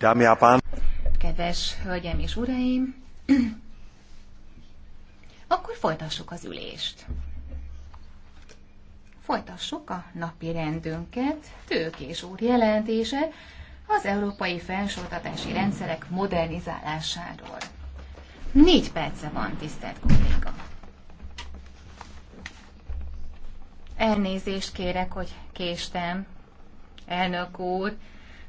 Dámy a pán. Kedves hölgyem és uraim, akkor folytassuk az ülést. Folytassuk a napi rendünket, tőkés úr jelentése az európai felsőoktatási rendszerek modernizálásáról. Négy perce van, tisztelt kolléga. Elnézést kérek, hogy késtem, elnök úr,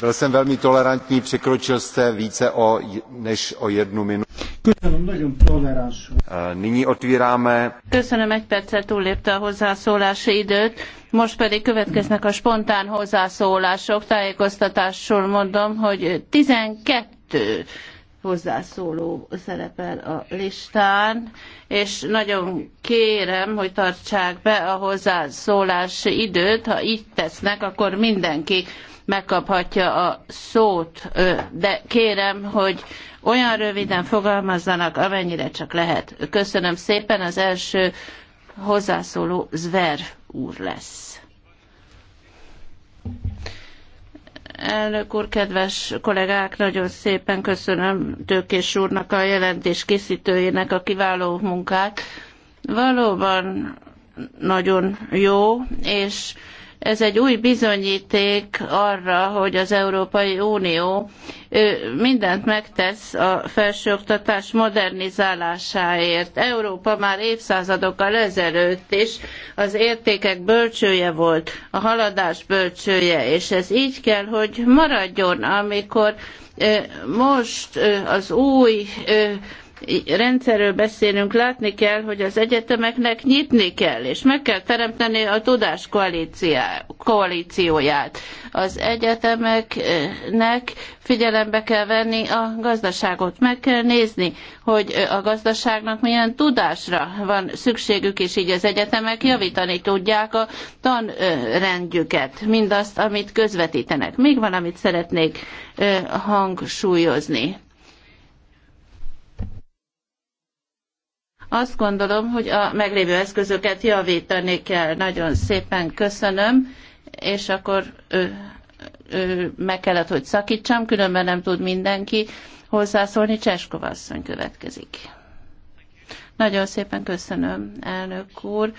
byl jsem velmi tolerantní, překročil jste více o, než o jednu minutu. Köszönöm, nagyon toleráns Nyní otvíráme. Köszönöm, egy percet túllépte a hozzászólási időt. Most pedig következnek a spontán hozzászólások. Tájékoztatásul mondom, hogy 12 hozzászóló szerepel a listán, és nagyon kérem, hogy tartsák be a hozzászólási időt. Ha így tesznek, akkor mindenki megkaphatja a szót, de kérem, hogy olyan röviden fogalmazzanak, amennyire csak lehet. Köszönöm szépen, az első hozzászóló Zver úr lesz. Elnök úr, kedves kollégák, nagyon szépen köszönöm Tőkés úrnak, a jelentés készítőjének a kiváló munkát. Valóban nagyon jó, és ez egy új bizonyíték arra, hogy az Európai Unió mindent megtesz a felsőoktatás modernizálásáért. Európa már évszázadokkal ezelőtt is az értékek bölcsője volt, a haladás bölcsője, és ez így kell, hogy maradjon, amikor most az új rendszerről beszélünk, látni kell, hogy az egyetemeknek nyitni kell, és meg kell teremteni a tudás koalícióját. Az egyetemeknek figyelembe kell venni a gazdaságot, meg kell nézni, hogy a gazdaságnak milyen tudásra van szükségük, és így az egyetemek javítani tudják a tanrendjüket, mindazt, amit közvetítenek. Még valamit szeretnék hangsúlyozni Azt gondolom, hogy a meglévő eszközöket javítani kell. Nagyon szépen köszönöm, és akkor ö, ö, meg kellett, hogy szakítsam, különben nem tud mindenki hozzászólni. Cseskova asszony következik. Nagyon szépen köszönöm, elnök úr.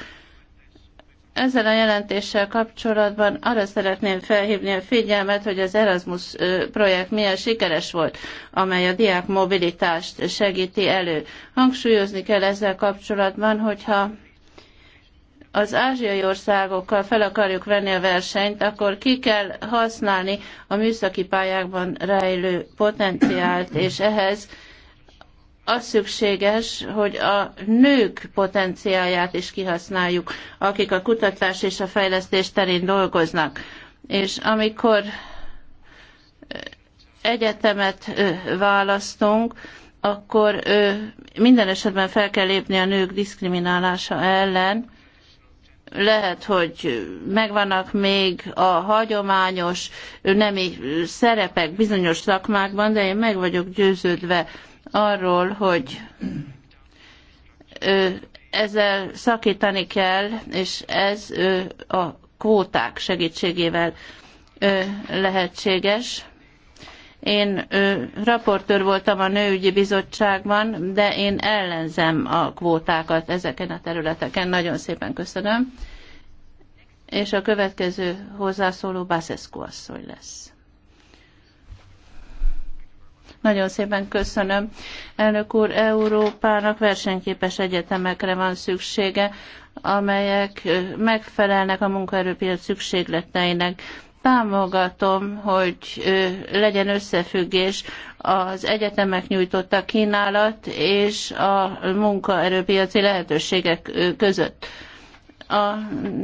Ezzel a jelentéssel kapcsolatban arra szeretném felhívni a figyelmet, hogy az Erasmus projekt milyen sikeres volt, amely a diák mobilitást segíti elő. Hangsúlyozni kell ezzel kapcsolatban, hogyha az ázsiai országokkal fel akarjuk venni a versenyt, akkor ki kell használni a műszaki pályákban rejlő potenciált, és ehhez az szükséges, hogy a nők potenciáját is kihasználjuk, akik a kutatás és a fejlesztés terén dolgoznak. És amikor egyetemet választunk, akkor minden esetben fel kell lépni a nők diszkriminálása ellen. Lehet, hogy megvannak még a hagyományos nemi szerepek bizonyos szakmákban, de én meg vagyok győződve arról, hogy ezzel szakítani kell, és ez a kvóták segítségével lehetséges. Én ö, raportőr voltam a nőügyi bizottságban, de én ellenzem a kvótákat ezeken a területeken. Nagyon szépen köszönöm. És a következő hozzászóló Baszeszko asszony lesz. Nagyon szépen köszönöm. Elnök úr, Európának versenyképes egyetemekre van szüksége, amelyek megfelelnek a munkaerőpiac szükségleteinek támogatom, hogy legyen összefüggés az egyetemek nyújtotta kínálat és a munkaerőpiaci lehetőségek között a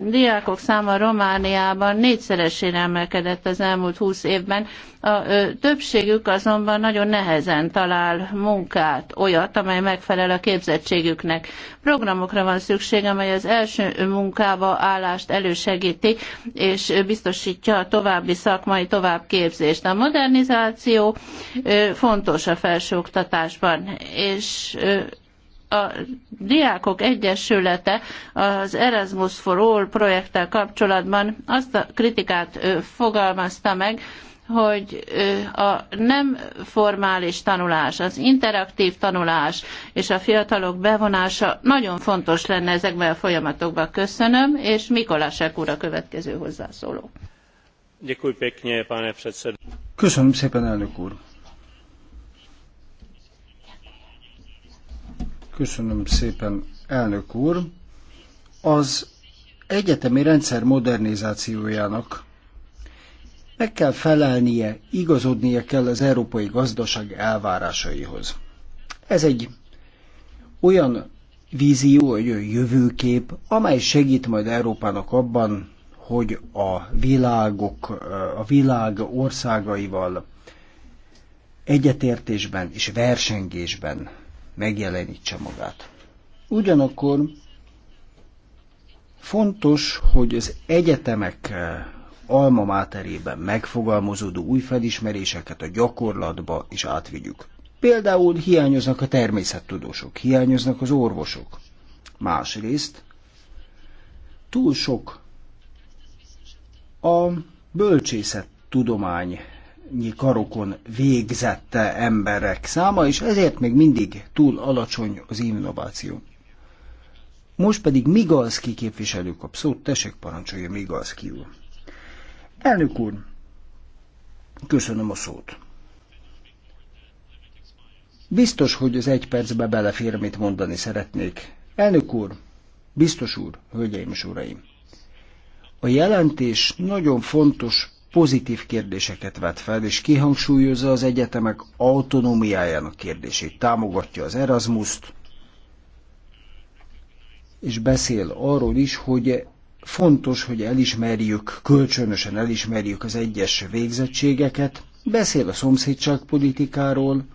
diákok száma Romániában négyszeresére emelkedett az elmúlt húsz évben, a többségük azonban nagyon nehezen talál munkát, olyat, amely megfelel a képzettségüknek. Programokra van szükség, amely az első munkába állást elősegíti, és biztosítja a további szakmai továbbképzést. A modernizáció fontos a felsőoktatásban, és a Diákok Egyesülete az Erasmus for All projekttel kapcsolatban azt a kritikát fogalmazta meg, hogy a nem formális tanulás, az interaktív tanulás és a fiatalok bevonása nagyon fontos lenne ezekben a folyamatokban. Köszönöm, és Mikolasek úr a következő hozzászóló. Köszönöm szépen, elnök úr. Köszönöm szépen, elnök úr. Az egyetemi rendszer modernizációjának meg kell felelnie, igazodnia kell az európai gazdaság elvárásaihoz. Ez egy olyan vízió, egy olyan jövőkép, amely segít majd Európának abban, hogy a világok, a világ országaival egyetértésben és versengésben megjelenítse magát. Ugyanakkor fontos, hogy az egyetemek eh, alma máterében megfogalmazódó új felismeréseket a gyakorlatba is átvigyük. Például hiányoznak a természettudósok, hiányoznak az orvosok. Másrészt túl sok a bölcsészet tudomány karokon végzett emberek száma, és ezért még mindig túl alacsony az innováció. Most pedig Migalski képviselő kap szót, tessék parancsolja Migalski úr. Elnök úr, köszönöm a szót. Biztos, hogy az egy percbe belefér, amit mondani szeretnék. Elnök úr, biztos úr, hölgyeim és uraim. A jelentés nagyon fontos pozitív kérdéseket vet fel, és kihangsúlyozza az egyetemek autonómiájának kérdését, támogatja az Erasmus-t, és beszél arról is, hogy fontos, hogy elismerjük, kölcsönösen elismerjük az egyes végzettségeket, beszél a szomszédságpolitikáról,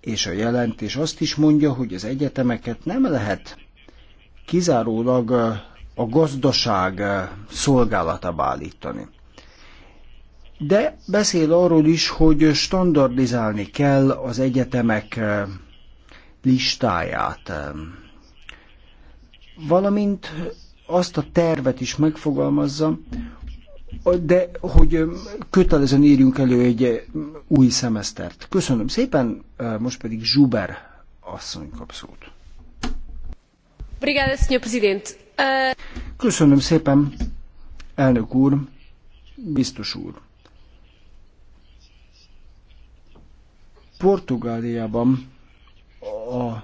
és a jelentés azt is mondja, hogy az egyetemeket nem lehet kizárólag a gazdaság szolgálatába állítani de beszél arról is, hogy standardizálni kell az egyetemek eh, listáját, valamint azt a tervet is megfogalmazza, de hogy eh, kötelezően írjunk elő egy eh, új szemesztert. Köszönöm szépen, most pedig Zsuber asszony kap szót. Köszönöm szépen, elnök úr, biztos úr. Portugáliában a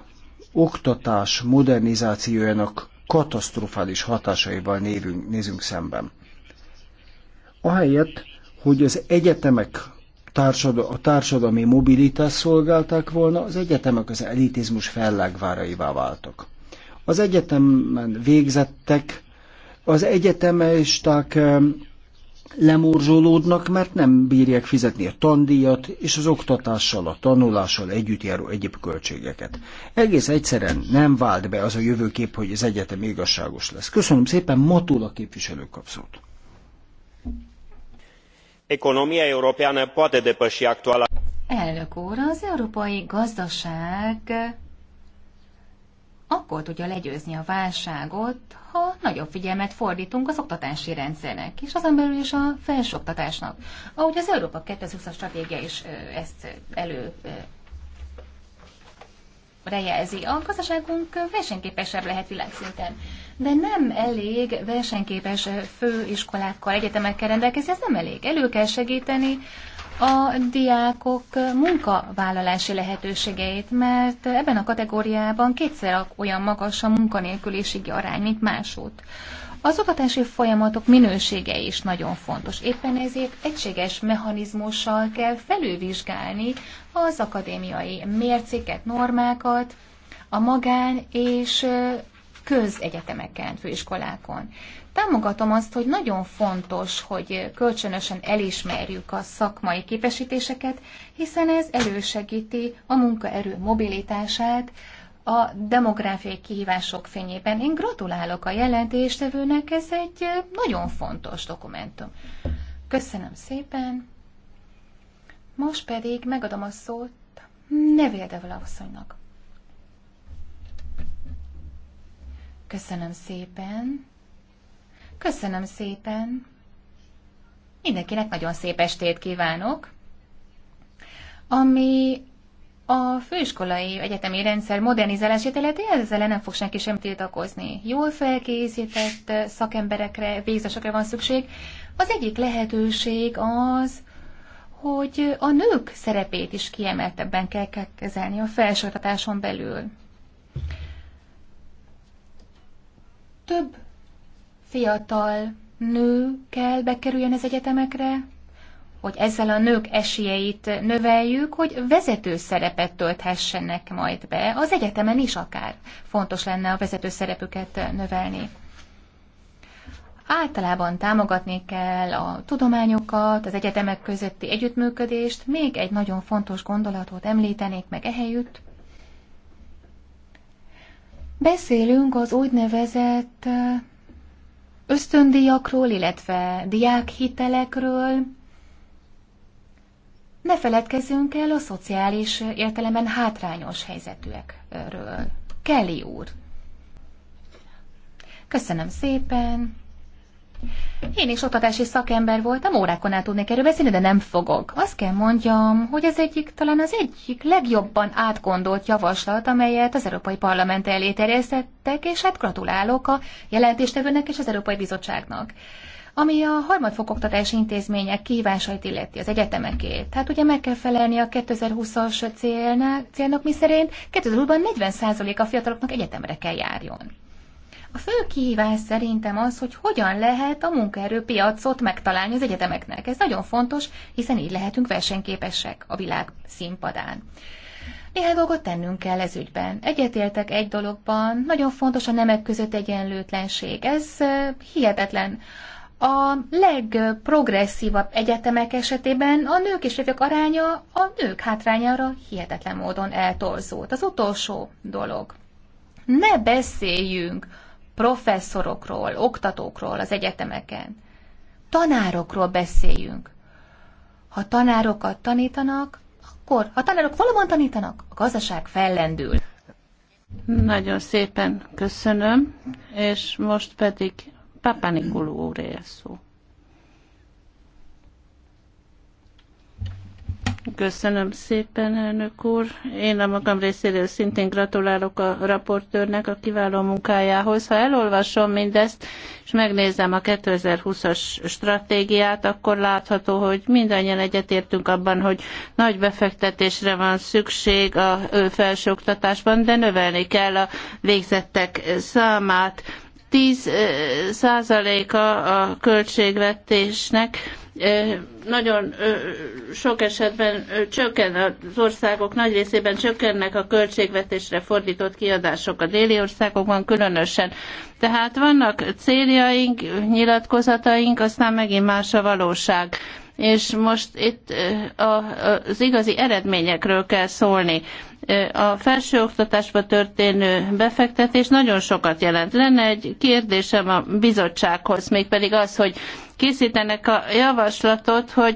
oktatás modernizációjának katasztrofális hatásaival nézünk, nézünk szemben. Ahelyett, hogy az egyetemek társadal, a társadalmi mobilitás szolgálták volna, az egyetemek az elitizmus fellegváraivá váltak. Az egyetemen végzettek, az egyetemesták lemorzsolódnak, mert nem bírják fizetni a tandíjat és az oktatással, a tanulással együtt járó egyéb költségeket. Egész egyszerűen nem vált be az a jövőkép, hogy az egyetem igazságos lesz. Köszönöm szépen, Matula képviselő kapszót. Economia europeană poate depăși actuala... Elnök úr, az európai gazdaság akkor tudja legyőzni a válságot, ha nagyobb figyelmet fordítunk az oktatási rendszernek, és azon belül is a felsőoktatásnak. Ahogy az Európa 2020-as stratégia is ezt elő rejelzi. A gazdaságunk versenyképesebb lehet világszinten, de nem elég versenyképes főiskolákkal, egyetemekkel rendelkezni, ez nem elég. Elő kell segíteni a diákok munkavállalási lehetőségeit, mert ebben a kategóriában kétszer olyan magas a munkanélküliségi arány, mint másút. Az oktatási folyamatok minősége is nagyon fontos. Éppen ezért egységes mechanizmussal kell felülvizsgálni az akadémiai mércéket, normákat, a magán és közegyetemeken, főiskolákon. Támogatom azt, hogy nagyon fontos, hogy kölcsönösen elismerjük a szakmai képesítéseket, hiszen ez elősegíti a munkaerő mobilitását a demográfiai kihívások fényében. Én gratulálok a jelentéstevőnek, ez egy nagyon fontos dokumentum. Köszönöm szépen. Most pedig megadom a szót Neville asszonynak. Köszönöm szépen. Köszönöm szépen. Mindenkinek nagyon szép estét kívánok. Ami a főiskolai egyetemi rendszer modernizálását illeti, ezzel nem fog senki sem tiltakozni. Jól felkészített szakemberekre, végzősökre van szükség. Az egyik lehetőség az, hogy a nők szerepét is kiemeltebben kell kezelni a felsőoktatáson belül. Több fiatal nő kell bekerüljön az egyetemekre, hogy ezzel a nők esélyeit növeljük, hogy vezető szerepet tölthessenek majd be. Az egyetemen is akár fontos lenne a vezető szerepüket növelni. Általában támogatni kell a tudományokat, az egyetemek közötti együttműködést. Még egy nagyon fontos gondolatot említenék meg ehelyütt. Beszélünk az úgynevezett ösztöndíjakról, illetve diákhitelekről. Ne feledkezzünk el a szociális értelemben hátrányos helyzetűekről. Kelly úr. Köszönöm szépen. Én is oktatási szakember voltam, órákon át tudnék erről beszélni, de nem fogok. Azt kell mondjam, hogy ez egyik, talán az egyik legjobban átgondolt javaslat, amelyet az Európai Parlament elé terjesztettek, és hát gratulálok a jelentéstevőnek és az Európai Bizottságnak ami a harmadfokoktatási intézmények kihívásait illeti, az egyetemekét. Hát ugye meg kell felelni a 2020-as célnak, célnak szerint 2020-ban 40% a fiataloknak egyetemre kell járjon. A fő kihívás szerintem az, hogy hogyan lehet a munkaerőpiacot megtalálni az egyetemeknek. Ez nagyon fontos, hiszen így lehetünk versenyképesek a világ színpadán. Néhány dolgot tennünk kell ez ügyben. Egyetértek egy dologban, nagyon fontos a nemek között egyenlőtlenség. Ez hihetetlen. A legprogresszívabb egyetemek esetében a nők és férfiak aránya a nők hátrányára hihetetlen módon eltorzult. Az utolsó dolog. Ne beszéljünk professzorokról, oktatókról az egyetemeken. Tanárokról beszéljünk. Ha tanárokat tanítanak, akkor, ha tanárok valóban tanítanak, a gazdaság fellendül. Nagyon szépen köszönöm, és most pedig Papanikuló úr szó. Köszönöm szépen, elnök úr. Én a magam részéről szintén gratulálok a raportőrnek a kiváló munkájához. Ha elolvasom mindezt, és megnézem a 2020-as stratégiát, akkor látható, hogy mindannyian egyetértünk abban, hogy nagy befektetésre van szükség a felsőoktatásban, de növelni kell a végzettek számát 10 százaléka a költségvetésnek nagyon sok esetben csökken, az országok nagy részében csökkennek a költségvetésre fordított kiadások a déli országokban különösen. Tehát vannak céljaink, nyilatkozataink, aztán megint más a valóság és most itt az igazi eredményekről kell szólni. A felsőoktatásba történő befektetés nagyon sokat jelent. Lenne egy kérdésem a bizottsághoz, mégpedig az, hogy készítenek a javaslatot, hogy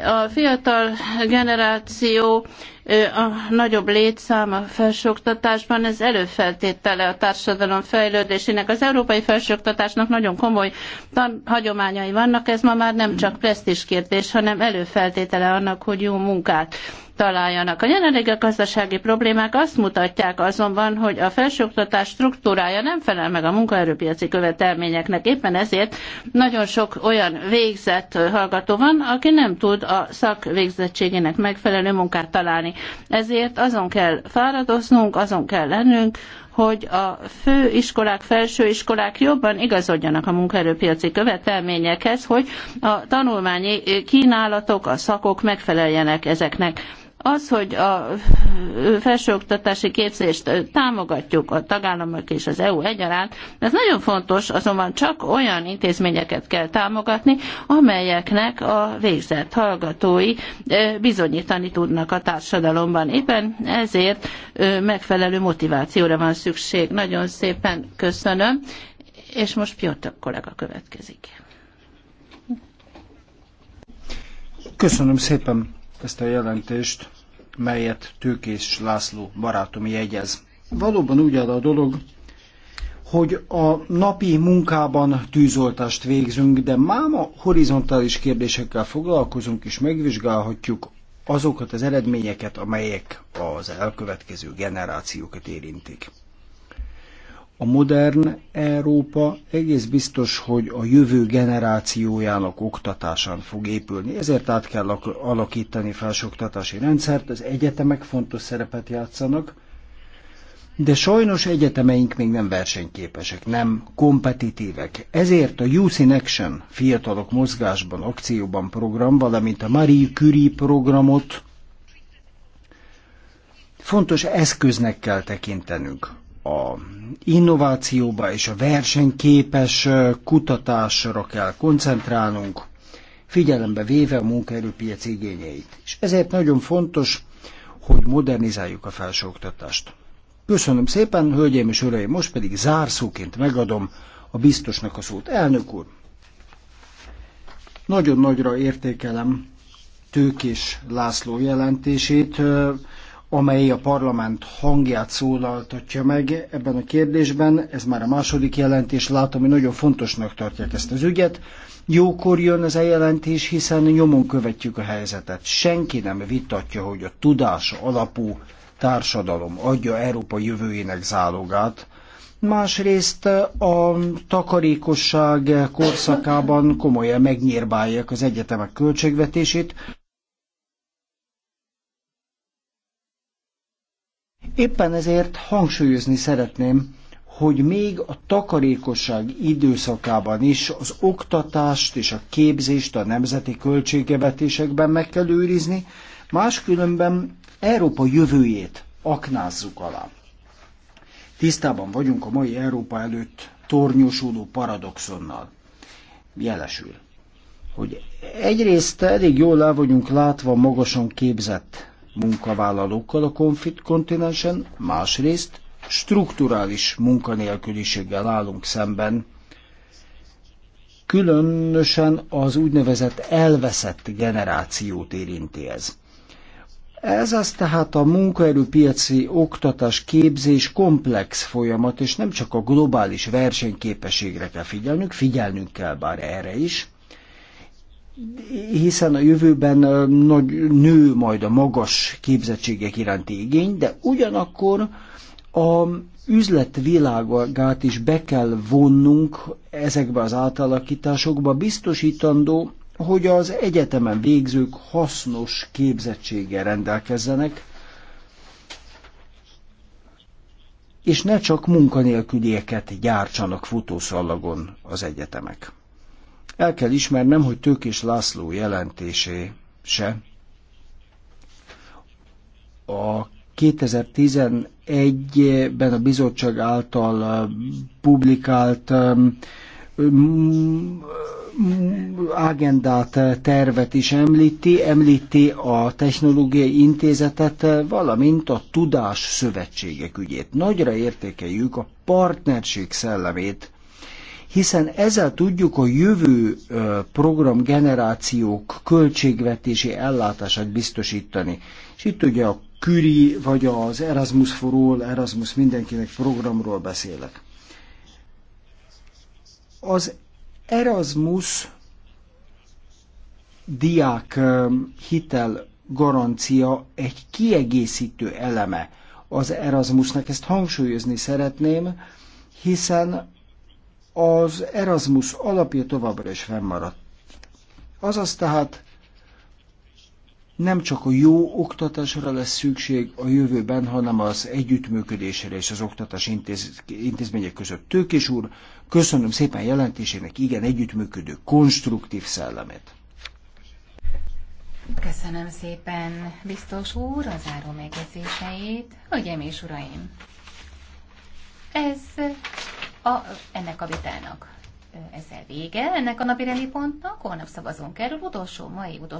a fiatal generáció a nagyobb létszám a felsőoktatásban, ez előfeltétele a társadalom fejlődésének. Az európai felsőoktatásnak nagyon komoly hagyományai vannak, ez ma már nem csak presztis kérdés, hanem előfeltétele annak, hogy jó munkát találjanak. A jelenlegi gazdasági problémák azt mutatják azonban, hogy a felsőoktatás struktúrája nem felel meg a munkaerőpiaci követelményeknek. Éppen ezért nagyon sok olyan végzett hallgató van, aki nem tud a szakvégzettségének megfelelő munkát találni. Ezért azon kell fáradoznunk, azon kell lennünk, hogy a főiskolák, felsőiskolák jobban igazodjanak a munkaerőpiaci követelményekhez, hogy a tanulmányi kínálatok, a szakok megfeleljenek ezeknek. Az, hogy a felsőoktatási képzést támogatjuk a tagállamok és az EU egyaránt, ez nagyon fontos, azonban csak olyan intézményeket kell támogatni, amelyeknek a végzett hallgatói bizonyítani tudnak a társadalomban. Éppen ezért megfelelő motivációra van szükség. Nagyon szépen köszönöm, és most Piotr kollega következik. Köszönöm szépen ezt a jelentést, melyet Tőkés László barátom jegyez. Valóban úgy áll a dolog, hogy a napi munkában tűzoltást végzünk, de máma horizontális kérdésekkel foglalkozunk, és megvizsgálhatjuk azokat az eredményeket, amelyek az elkövetkező generációkat érintik a modern Európa egész biztos, hogy a jövő generációjának oktatásán fog épülni. Ezért át kell alakítani felsőoktatási rendszert, az egyetemek fontos szerepet játszanak, de sajnos egyetemeink még nem versenyképesek, nem kompetitívek. Ezért a Youth in Action fiatalok mozgásban, akcióban program, valamint a Marie Curie programot fontos eszköznek kell tekintenünk a innovációba és a versenyképes kutatásra kell koncentrálnunk, figyelembe véve a munkaerőpiac igényeit. És ezért nagyon fontos, hogy modernizáljuk a felsőoktatást. Köszönöm szépen, hölgyeim és uraim, most pedig zárszóként megadom a biztosnak a szót. Elnök úr, nagyon nagyra értékelem Tőkés László jelentését amely a parlament hangját szólaltatja meg ebben a kérdésben. Ez már a második jelentés, látom, hogy nagyon fontosnak tartják ezt az ügyet. Jókor jön ez a jelentés, hiszen nyomon követjük a helyzetet. Senki nem vitatja, hogy a tudás alapú társadalom adja Európa jövőjének zálogát. Másrészt a takarékosság korszakában komolyan megnyírbálják az egyetemek költségvetését, Éppen ezért hangsúlyozni szeretném, hogy még a takarékosság időszakában is az oktatást és a képzést a nemzeti költségevetésekben meg kell őrizni, máskülönben Európa jövőjét aknázzuk alá. Tisztában vagyunk a mai Európa előtt tornyosuló paradoxonnal. Jelesül, hogy egyrészt elég jól el vagyunk látva magasan képzett munkavállalókkal a kontinensen, másrészt strukturális munkanélküliséggel állunk szemben, különösen az úgynevezett elveszett generációt érinti ez. Ez az tehát a munkaerőpiaci oktatás képzés komplex folyamat, és nem csak a globális versenyképességre kell figyelnünk, figyelnünk kell bár erre is, hiszen a jövőben nagy nő majd a magas képzettségek iránti igény, de ugyanakkor a üzletvilágát is be kell vonnunk ezekbe az átalakításokba, biztosítandó, hogy az egyetemen végzők hasznos képzettséggel rendelkezzenek, és ne csak munkanélkülieket gyártsanak futószallagon az egyetemek. El kell ismernem, hogy Tőkés László jelentésé se a 2011-ben a bizottság által publikált agendát, tervet is említi, említi a Technológiai Intézetet, valamint a Tudás Szövetségek ügyét. Nagyra értékeljük a partnerség szellemét, hiszen ezzel tudjuk a jövő programgenerációk költségvetési ellátását biztosítani. És itt ugye a KÜRI vagy az Erasmus for All, Erasmus mindenkinek programról beszélek. Az Erasmus diák hitel garancia egy kiegészítő eleme az Erasmusnak. Ezt hangsúlyozni szeretném, hiszen az Erasmus alapja továbbra is fennmaradt. Azaz tehát nem csak a jó oktatásra lesz szükség a jövőben, hanem az együttműködésre és az oktatás intéz, intézmények között. Tőkés úr, köszönöm szépen jelentésének igen együttműködő, konstruktív szellemet. Köszönöm szépen, biztos úr, az záró megjegyzéseit. Hogy és uraim! Ez a, ennek a vitának ezzel vége, ennek a napi rendi pontnak, holnap szavazunk erről, utolsó, mai utolsó